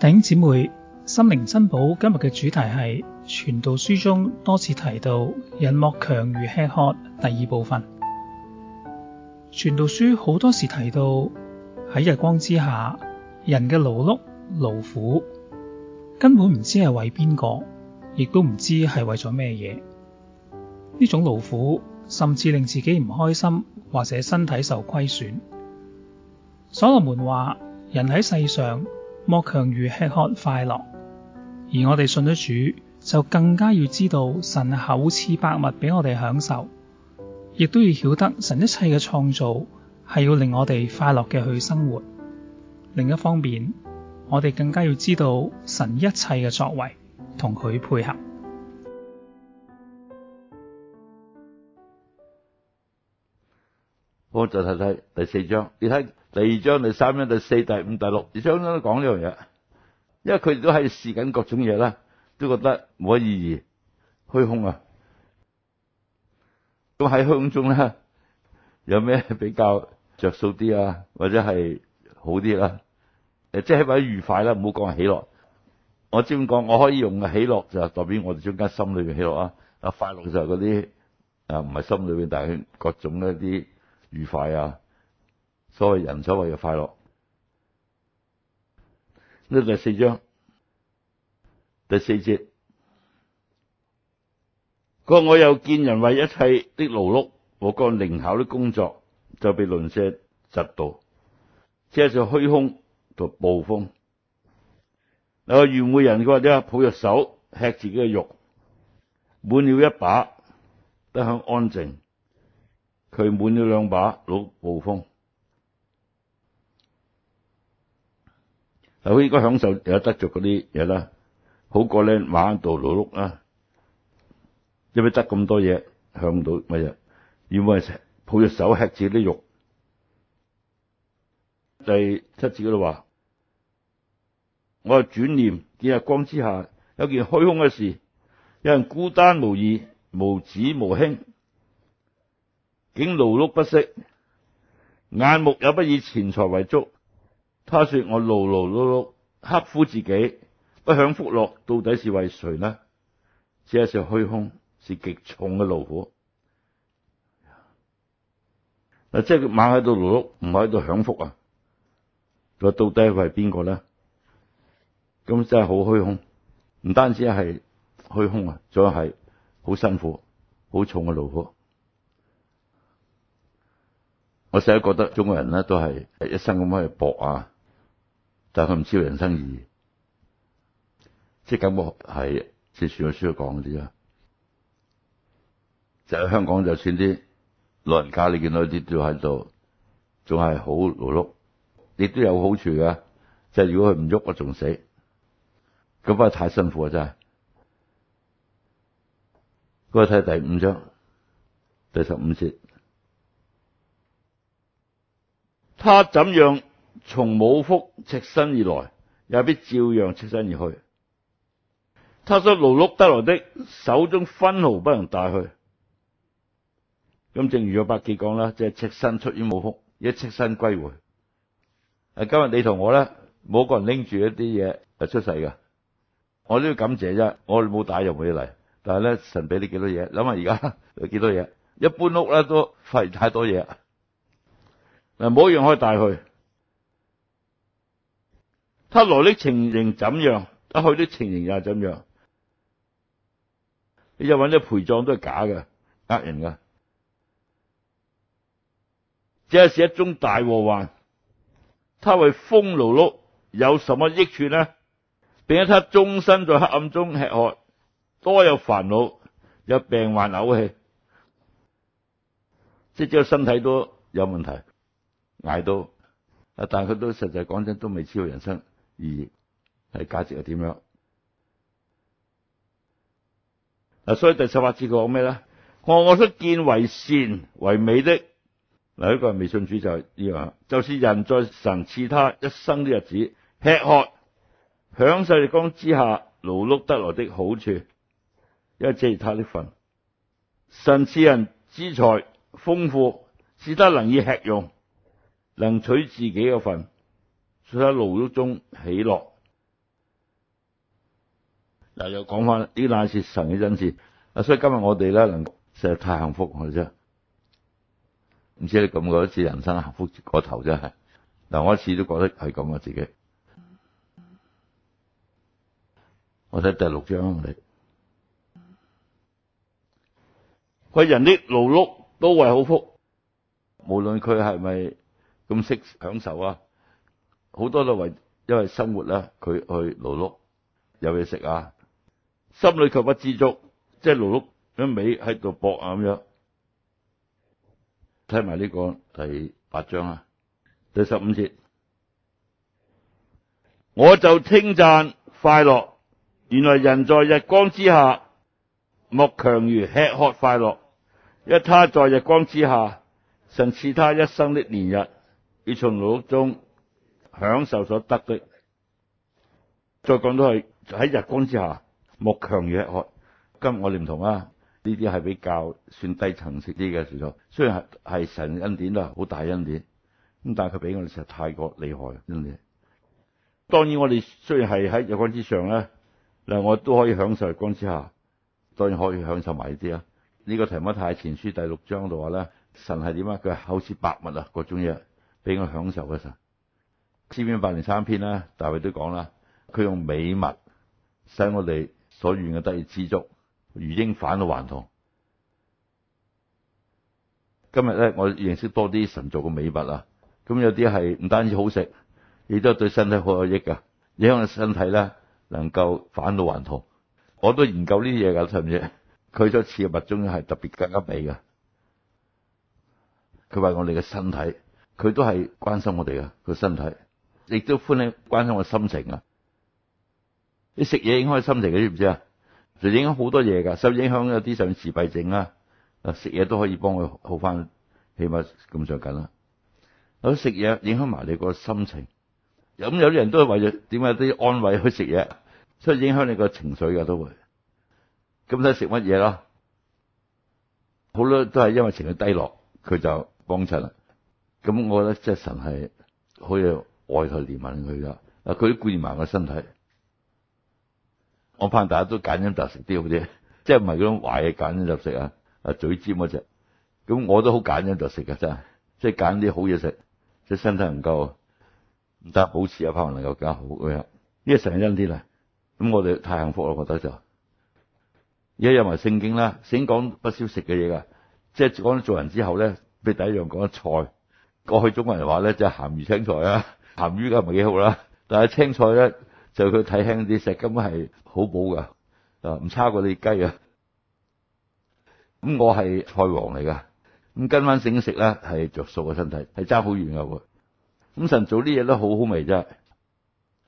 弟兄姊妹，心靈珍寶今日嘅主題係《傳道書》中多次提到人莫強如吃喝。第二部分，《傳道書》好多時提到喺日光之下，人嘅勞碌、勞苦，根本唔知係為邊個，亦都唔知係為咗咩嘢。呢種勞苦甚至令自己唔開心，或者身體受虧損。所羅門話：人喺世上。莫強如吃喝快樂，而我哋信咗主，就更加要知道神厚賜百物俾我哋享受，亦都要曉得神一切嘅創造係要令我哋快樂嘅去生活。另一方面，我哋更加要知道神一切嘅作為，同佢配合。我就睇睇第四章，你睇。第二章、第三章、第四、第五、第六章都講呢樣嘢，因為佢哋都係試緊各種嘢啦，都覺得冇乜意義、虛空啊。咁喺虛空中咧，有咩比較着數啲啊，或者係好啲啦？誒，即係話愉快啦、啊，唔好講係喜樂。我知點講，我可以用嘅喜樂就代表我哋中間心裏邊喜樂啊樂。啊，快樂就係嗰啲啊，唔係心裏邊，但係各種的一啲愉快啊。所謂人所謂嘅快樂，呢個係第四章第四節。佢話，我又見人為一切的勞碌和各樣靈巧的工作，就被鄰舍嫉妒，即係在虛空度捕風。有個愚昧人佢話：，呢抱着手吃自己嘅肉，滿了一把得享安靜；，佢滿了兩把攞捕風。嗱，佢應該享受有得着嗰啲嘢啦，好過咧埋喺度勞碌啦，因為得咁多嘢，向到乜嘢，而唔係成抱着手吃自己的肉。第七節度話，我又轉念，見日光之下有件虛空嘅事，有人孤單無二，無子無兄，竟勞碌不息，眼目也不以錢財為足。他說：我勞勞碌碌，刻苦自己，不享福樂，到底是為誰呢？只係說虛空，是極重嘅勞苦。嗱，即係佢晚喺度勞碌，唔喺度享福啊！佢到底係為邊個呢？咁真係好虛空，唔單止係虛空啊，仲係好辛苦、好重嘅勞苦。我成日覺得中國人咧都係一生咁樣去搏啊！但佢唔知佢人生意義，即係根本係似《傳道書》講嗰啲啦。就喺、是、香港，就算啲老人家，你見到啲都喺度，仲係好勞碌，亦都有好處嘅。即、就、係、是、如果佢唔喐，我仲死，咁不過太辛苦啊真係。不過睇第五章，第十五節，他怎樣？從母腹赤身而來，也必照樣赤身而去。他所勞碌得來的，手中分毫不能帶去。咁正如約伯記講啦，即係赤身出於母腹，一赤身歸回。誒，今日你同我咧，冇一個人拎住一啲嘢就出世㗎。我都要感謝啫，我冇帶入會嚟。但係咧，神俾你幾多嘢，諗下而家有幾多嘢，一搬屋咧都發現太多嘢。嗱，冇一樣可以帶去。他來的情形怎樣，他去的情形又係怎樣？你又揾咗陪葬都係假嘅，呃人嘅，只係是一宗大禍患。他為風勞碌有什麼益處呢？並且他終身在黑暗中吃喝，多有煩惱，有病患嘔氣，即係只個身體都有問題，挨到啊，但係佢都實際講真都未知道人生。而義係價值係點樣？嗱，所以第十八節講咩咧？我我所見為善為美的嗱，呢、這個係未信主就係呢樣，就是人在神賜他一生的日子吃喝，享受日光之下勞碌得來的好處，因為即係他的份。神賜人資財豐富，使他能以吃用，能取自己嘅份。所以在勞碌中喜樂，嗱又講翻呢啲乃是、神嘅恩賜。啊，所以今日我哋咧，實在太幸福嘅啫。唔知你感覺次人生幸福嗰頭真係？嗱，我一次都覺得係咁嘅自己。我睇第六章啊，我哋。佢人啲勞碌都係口腹，無論佢係咪咁識享受啊。好多都為因為生活呢，佢去勞碌，有嘢食啊，心裡卻不知足，即係勞碌一味喺度搏啊咁樣。睇埋呢個第八章啊，第十五節，我就稱讚快樂。原來人在日光之下，莫強如吃喝快樂。因為他在日光之下，神賜他一生的年日，要從勞碌中。享受所得嘅，再講到係喺日光之下，莫強如吃喝。今日我哋唔同啊，呢啲係比較算低層次啲嘅，除咗雖然係係神恩典啦，好大恩典，咁但係佢俾我哋實在太過厲害恩典。當然我哋雖然係喺日光之上咧，嗱我都可以享受日光之下，當然可以享受埋呢啲啊。呢、呢個題目太前書第六章度話咧，神係點啊？佢係厚賜百物啊，那種嘢俾我享受嘅時候。詩篇一百零三篇啦，大衛都講啦，佢用美物使我哋所願嘅得以知足，如鷹返到還童。今日咧，我認識多啲神做嘅美物啊！咁有啲係唔單止好食，亦都是對身體好有益噶，影響身體咧能夠返到還童。我都研究呢啲嘢噶，係咪佢所賜嘅物中係特別更加美噶佢為我哋嘅身體，佢都係關心我哋啊！佢身體。亦都關心關心我心情啊！你食嘢影響我心情嘅，你知唔知啊？就影響好多嘢噶受影響一些有啲就自閉症啦。食嘢都可以幫佢好翻，起碼咁上緊啦。有食嘢影響埋你個心情，咁有啲人都係為咗點解都要安慰去食嘢，所以影響你個情緒嘅都會咁睇食乜嘢啦？好多都係因為情緒低落，佢就幫襯啦。咁我覺得即神係可以。外佢憐憫佢噶，啊佢都古爾曼嘅身體，我盼大家都揀飲擇食啲好啲，即係唔係嗰種壞嘢揀飲擇食啊！啊嘴尖嗰隻，咁我都好揀飲擇食噶真係，即係揀啲好嘢食，即係身體唔夠，唔得保持啊，可能能夠更加好嘅，呢個成因啲啦。咁我哋太幸福咯，覺得就，而家有埋聖經啦，醒講講不少食嘅嘢噶，即係講到做人之後咧，俾第一樣講菜。過去中國人話咧，就係鹹魚青菜啊。鹹魚梗係唔係幾好啦，但係青菜咧就佢睇輕啲，食根本係好補噶，啊唔差過啲雞啊。咁我係菜王嚟噶，咁跟翻整食咧係着數嘅身體，係爭好遠噶喎。咁神做啲嘢都好好味啫，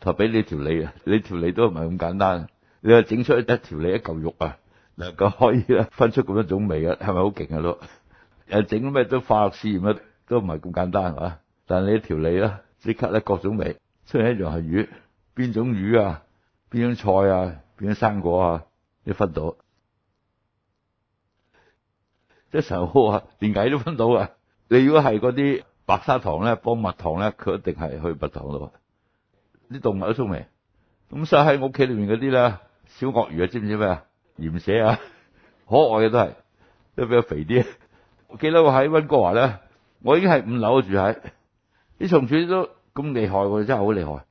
頭俾你條脷啊！你條脷都唔係咁簡單，你話整出一條脷、一嚿肉啊，能夠可以啊分出咁多種味啊，係咪好勁啊？咯，又整咩都化學試驗啊？都唔係咁簡單嚇，但係你條脷咧，即刻咧各種味，出嚟一樣係魚，邊種魚啊，邊種菜啊，邊種生果啊，你分到，即係神好啊，連蟻都分到啊！你如果係嗰啲白砂糖咧，幫蜜糖咧，佢一定係去蜜糖度。啲動物都聰明。咁曬喺我屋企裏面嗰啲咧，小鱷魚啊，知唔知咩啊？鹽蛇啊，可愛嘅都係，都比較肥啲。我記得我喺温哥華咧。我已經係五樓住喺，你蟲鼠都咁厲害，真係好厲害。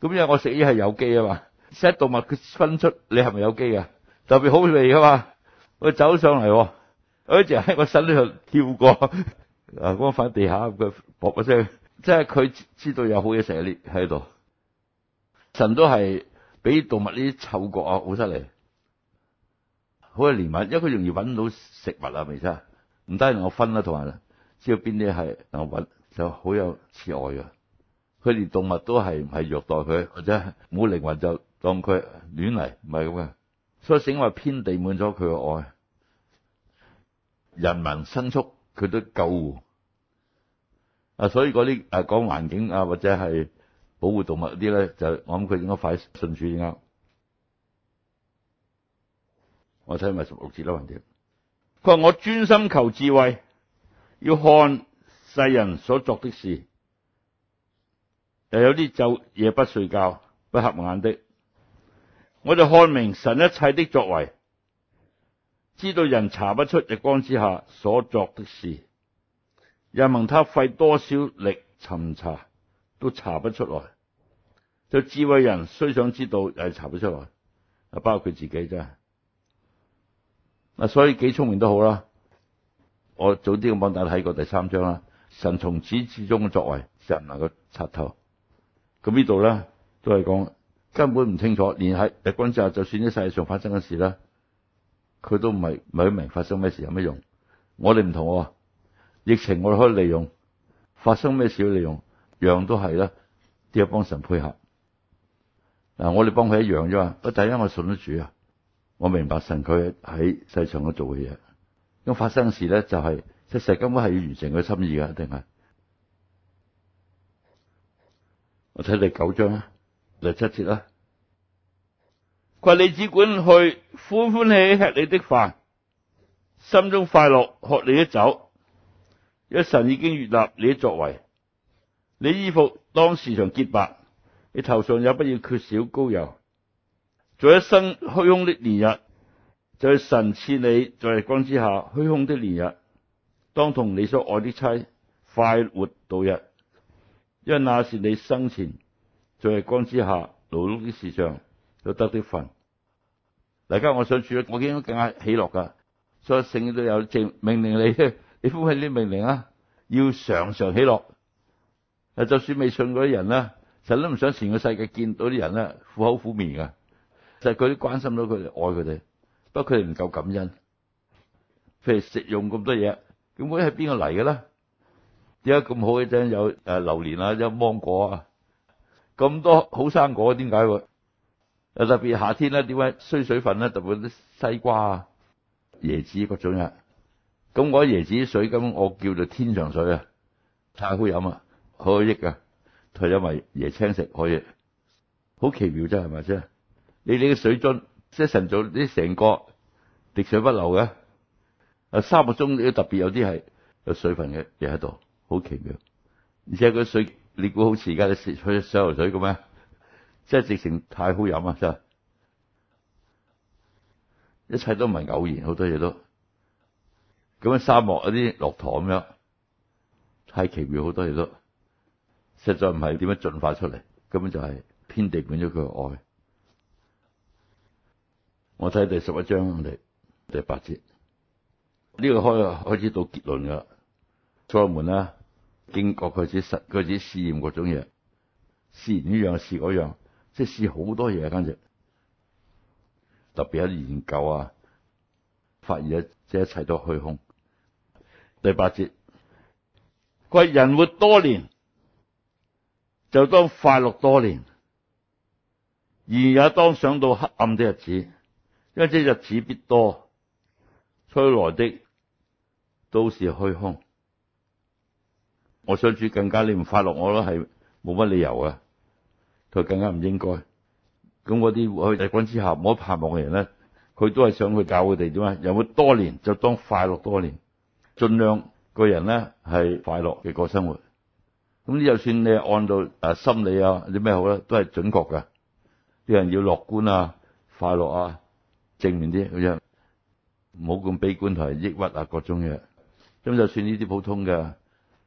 咁因為我食嘢係有機啊嘛，食動物佢分出你係咪有機啊？特別好味噶嘛，佢走上嚟，我一直喺我身呢度跳過，嗱，嗰喺地下佢搏一聲，即係佢知道有好嘢食喺喺度。神都係俾動物呢啲嗅覺啊，好犀利，好有憐憫，因為佢容易揾到食物啊，咪真係，唔得，我分啦，同埋。知道邊啲係能云就好有慈愛嘅，佢連動物都係唔係虐待佢，或者冇靈魂就當佢亂嚟，唔係咁嘅。所以整話偏地滿咗佢嘅愛，人民牲畜佢都救護啊！所以嗰啲誒講環境啊，或者係保護動物啲咧，就我諗佢應該快順處啱。我睇咪十六節啦，橫掂。佢話我專心求智慧，要看世人所作的事，又有啲晝夜不睡覺、不合眼的。我就看明神一切的作為，知道人查不出日光之下所作的事。又問他費多少力尋查，都查不出來。就智慧人雖想知道，又是查不出來。包括佢自己啫。嗱，所以幾聰明都好啦。我早啲咁幫大家睇過第三章啦。神從始至終嘅作為，人唔能夠插透。咁呢度咧，都係講根本唔清楚，連喺日光之就算啲世上發生嘅事啦，佢都唔係唔係明發生咩事，有咩用？我哋唔同、啊，疫情我哋可以利用，發生咩事要利用，樣都係啦，都要幫神配合。嗱，我哋幫佢一樣啫嘛。我第一我信得住啊，我明白神佢喺世上度做嘅嘢。咁發生事咧、就是，就係七世根本係要完成佢心意噶，定係我睇第九章啊，第七節啦。佢話，你只管去歡歡喜喜吃你的飯，心中快樂喝你的酒，因神已經悅納你嘅作為，你衣服當時常潔白，你頭上也不要缺少膏油，做一生虛空的年日。就神你在神賜你在日光之下虛空的年日，當同你所愛的妻快活度日，因為那是你生前在日光之下勞碌的事上所得的分。大家我想住咧，我應該更加喜樂噶。所以聖主又正命令你你呼起呢命令啊，要常常喜樂。啊，就算未信嗰啲人咧，神都唔想全個世界見到啲人咧苦口苦面噶，就係佢都關心到佢哋，愛佢哋。不過佢哋唔夠感恩，譬如食用咁多嘢，咁嗰啲係邊個嚟嘅咧？點解咁好嘅啫？有誒榴蓮啊，有芒果啊，咁多好生果，點解？又特別夏天咧，點解衰水分咧？特別啲西瓜啊、椰子各種嘢。咁我椰子水，咁我叫做天上水啊，太好飲啊，好益啊。佢因為椰青食可以，好奇妙啫，係咪先？你哋嘅水樽。即係神造啲成個滴水不漏嘅。啊，沙漠中特別有啲係有水分嘅嘢喺度，好奇妙。而且個水你估好似而家你食水、水喉水咁咩？即係直情太好飲啊！真係一切都唔係偶然，好多嘢都咁樣，沙漠有啲駱駝咁樣，太奇妙好多嘢都，實在唔係點樣進化出嚟，根本就係遍地滿咗佢嘅愛。我睇第十一章嚟第八節，呢、這個開開始到結論噶，坐門啦，經過佢啲實佢啲試驗嗰種嘢，試完呢樣試嗰樣，即係試好多嘢，簡直特別有啲研究啊！發現即一切都虛空。第八節，佢話人活多年，就當快樂多年，而也當想到黑暗的日子。因為這日子必多，吹來的都是虛空。我相信更加你唔快樂，我都係冇乜理由嘅，佢更加唔應該。咁嗰啲去日光之下唔好盼望嘅人咧，佢都係想佢搞佢哋點啊？人活多年就當快樂多年，盡量個人咧係快樂嘅過生活。咁就算你按到誒心理啊啲咩好咧，都係準確嘅。啲人要樂觀啊，快樂啊。正面啲，佢又冇咁悲觀同埋抑鬱啊，各種嘢。咁就算呢啲普通嘅，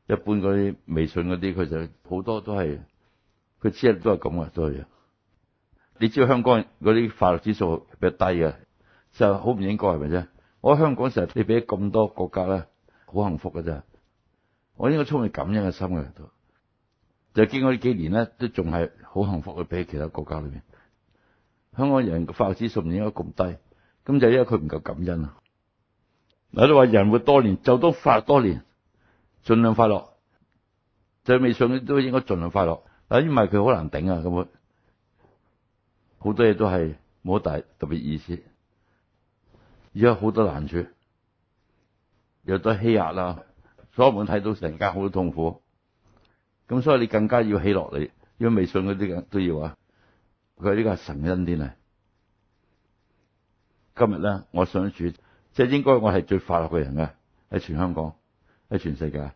一般嗰啲微信嗰啲，佢就好多都係，佢始終都係咁啊，都係。你知道香港嗰啲快樂指數比較低嘅，就好唔應該，係咪啫？我喺香港成日，你比咁多國家咧，好幸福㗎咋？我應該充滿感恩嘅心嘅，就經過呢幾年咧，都仲係好幸福去比其他國家裏面。香港人嘅快樂指數唔應該咁低，咁就因為佢唔夠感恩啊！嗱，你話人活多年，就都快樂多年，盡量快樂，就未信都應該盡量快樂。嗱，因為佢好難頂啊！咁啊，好多嘢都係冇大特別意思，而家好多難處，又多欺壓啦，所以我們睇到成間好多痛苦，咁所以你更加要喜樂嚟，因為未信嗰啲都要啊。佢呢個係神恩啲啦，今日咧，我想住，即係應該我係最快樂嘅人嘅，喺全香港，喺全世界。